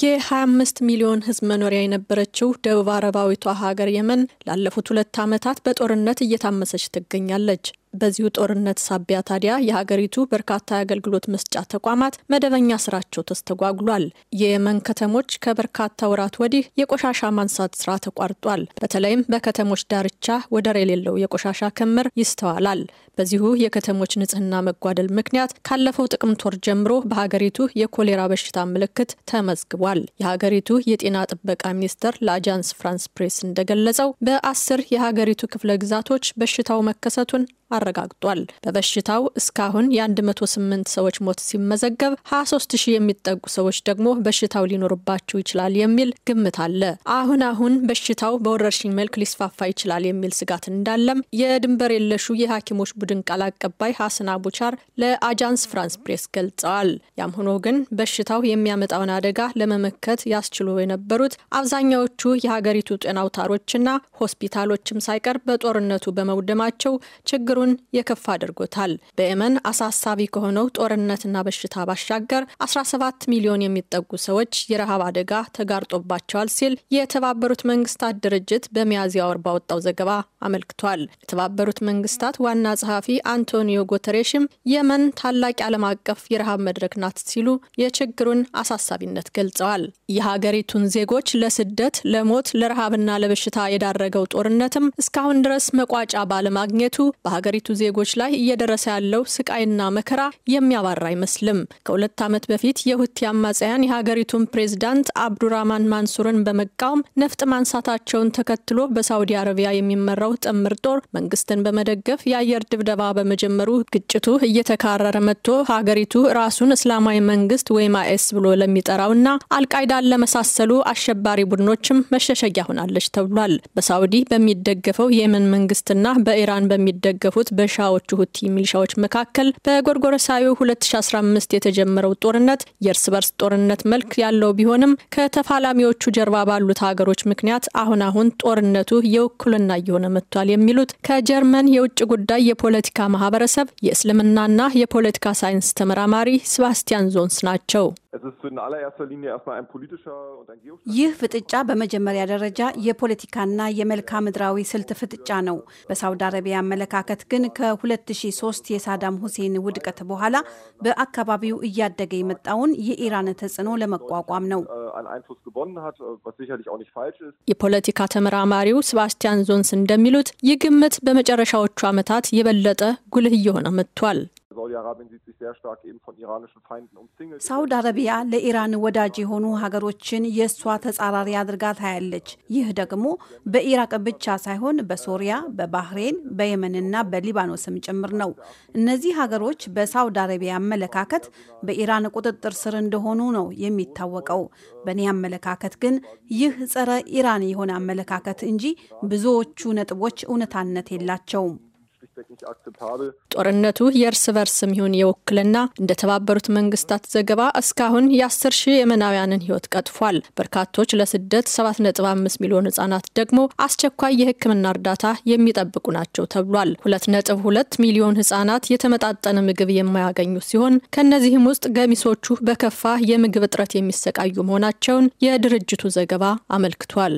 የ25 ሚሊዮን ሕዝብ መኖሪያ የነበረችው ደቡብ አረባዊቷ ሀገር የመን ላለፉት ሁለት ዓመታት በጦርነት እየታመሰች ትገኛለች። በዚሁ ጦርነት ሳቢያ ታዲያ የሀገሪቱ በርካታ የአገልግሎት መስጫ ተቋማት መደበኛ ስራቸው ተስተጓጉሏል። የየመን ከተሞች ከበርካታ ወራት ወዲህ የቆሻሻ ማንሳት ስራ ተቋርጧል። በተለይም በከተሞች ዳርቻ ወደር የሌለው የቆሻሻ ክምር ይስተዋላል። በዚሁ የከተሞች ንጽህና መጓደል ምክንያት ካለፈው ጥቅምት ወር ጀምሮ በሀገሪቱ የኮሌራ በሽታ ምልክት ተመዝግቧል። የሀገሪቱ የጤና ጥበቃ ሚኒስቴር ለአጃንስ ፍራንስ ፕሬስ እንደገለጸው በአስር የሀገሪቱ ክፍለ ግዛቶች በሽታው መከሰቱን አረጋግጧል። በበሽታው እስካሁን የ108 ሰዎች ሞት ሲመዘገብ 23 ሺህ የሚጠጉ ሰዎች ደግሞ በሽታው ሊኖርባቸው ይችላል የሚል ግምት አለ። አሁን አሁን በሽታው በወረርሽኝ መልክ ሊስፋፋ ይችላል የሚል ስጋት እንዳለም የድንበር የለሹ የሐኪሞች ቡድን ቃል አቀባይ ሀስና ቡቻር ለአጃንስ ፍራንስ ፕሬስ ገልጸዋል። ያም ሆኖ ግን በሽታው የሚያመጣውን አደጋ ለመመከት ያስችሉ የነበሩት አብዛኛዎቹ የሀገሪቱ ጤና አውታሮችና ሆስፒታሎችም ሳይቀር በጦርነቱ በመውደማቸው ችግሩ ችግሩን የከፍ አድርጎታል። በየመን አሳሳቢ ከሆነው ጦርነትና በሽታ ባሻገር 17 ሚሊዮን የሚጠጉ ሰዎች የረሃብ አደጋ ተጋርጦባቸዋል ሲል የተባበሩት መንግስታት ድርጅት በሚያዝያ ወር ባወጣው ዘገባ አመልክቷል። የተባበሩት መንግስታት ዋና ጸሐፊ አንቶኒዮ ጎተሬሽም የመን ታላቅ ዓለም አቀፍ የረሃብ መድረክ ናት ሲሉ የችግሩን አሳሳቢነት ገልጸዋል። የሀገሪቱን ዜጎች ለስደት፣ ለሞት፣ ለረሃብና ለበሽታ የዳረገው ጦርነትም እስካሁን ድረስ መቋጫ ባለማግኘቱ በሀገሪቱ ዜጎች ላይ እየደረሰ ያለው ስቃይና መከራ የሚያባራ አይመስልም። ከሁለት ዓመት በፊት የሁቲ አማጽያን የሀገሪቱን ፕሬዝዳንት አብዱራማን ማንሱርን በመቃወም ነፍጥ ማንሳታቸውን ተከትሎ በሳውዲ አረቢያ የሚመራው ጥምር ጦር መንግስትን በመደገፍ የአየር ድብደባ በመጀመሩ ግጭቱ እየተካረረ መጥቶ ሀገሪቱ ራሱን እስላማዊ መንግስት ወይም አይኤስ ብሎ ለሚጠራውና አልቃይዳን ለመሳሰሉ አሸባሪ ቡድኖችም መሸሸጊያ ሆናለች ተብሏል። በሳውዲ በሚደገፈው የየመን መንግስትና በኢራን በሚደገፈው በተሰለፉት በሻዎቹ ሁቲ ሚሊሻዎች መካከል በጎርጎረሳዊ 2015 የተጀመረው ጦርነት የእርስ በርስ ጦርነት መልክ ያለው ቢሆንም ከተፋላሚዎቹ ጀርባ ባሉት ሀገሮች ምክንያት አሁን አሁን ጦርነቱ የውክልና እየሆነ መጥቷል የሚሉት ከጀርመን የውጭ ጉዳይ የፖለቲካ ማህበረሰብ የእስልምናና የፖለቲካ ሳይንስ ተመራማሪ ስባስቲያን ዞንስ ናቸው። ይህ ፍጥጫ በመጀመሪያ ደረጃ የፖለቲካና የመልክዓ ምድራዊ ስልት ፍጥጫ ነው። በሳውዲ አረቢያ አመለካከት ዓመት ግን ከ2003 የሳዳም ሁሴን ውድቀት በኋላ በአካባቢው እያደገ የመጣውን የኢራን ተጽዕኖ ለመቋቋም ነው። የፖለቲካ ተመራማሪው ሴባስቲያን ዞንስ እንደሚሉት ይህ ግምት በመጨረሻዎቹ ዓመታት የበለጠ ጉልህ እየሆነ መጥቷል። Saudi-Arabien sieht sich sehr stark eben von iranischen Feinden umzingelt. ሳውዲ አረቢያ ለኢራን ወዳጅ የሆኑ ሀገሮችን የእሷ ተጻራሪ አድርጋ ታያለች። ይህ ደግሞ በኢራቅ ብቻ ሳይሆን በሶሪያ፣ በባህሬን፣ በየመንና በሊባኖስም ጭምር ነው። እነዚህ ሀገሮች በሳውዲ አረቢያ አመለካከት በኢራን ቁጥጥር ስር እንደሆኑ ነው የሚታወቀው። በእኔ አመለካከት ግን ይህ ጸረ ኢራን የሆነ አመለካከት እንጂ ብዙዎቹ ነጥቦች እውነታነት የላቸውም። ጦርነቱ የእርስ በርስም ይሁን የውክልና እንደተባበሩት መንግስታት ዘገባ እስካሁን የ10 ሺህ የመናውያንን ህይወት ቀጥፏል። በርካቶች ለስደት 7.5 ሚሊዮን ህጻናት ደግሞ አስቸኳይ የህክምና እርዳታ የሚጠብቁ ናቸው ተብሏል። 2.2 ሚሊዮን ህጻናት የተመጣጠነ ምግብ የማያገኙ ሲሆን ከእነዚህም ውስጥ ገሚሶቹ በከፋ የምግብ እጥረት የሚሰቃዩ መሆናቸውን የድርጅቱ ዘገባ አመልክቷል።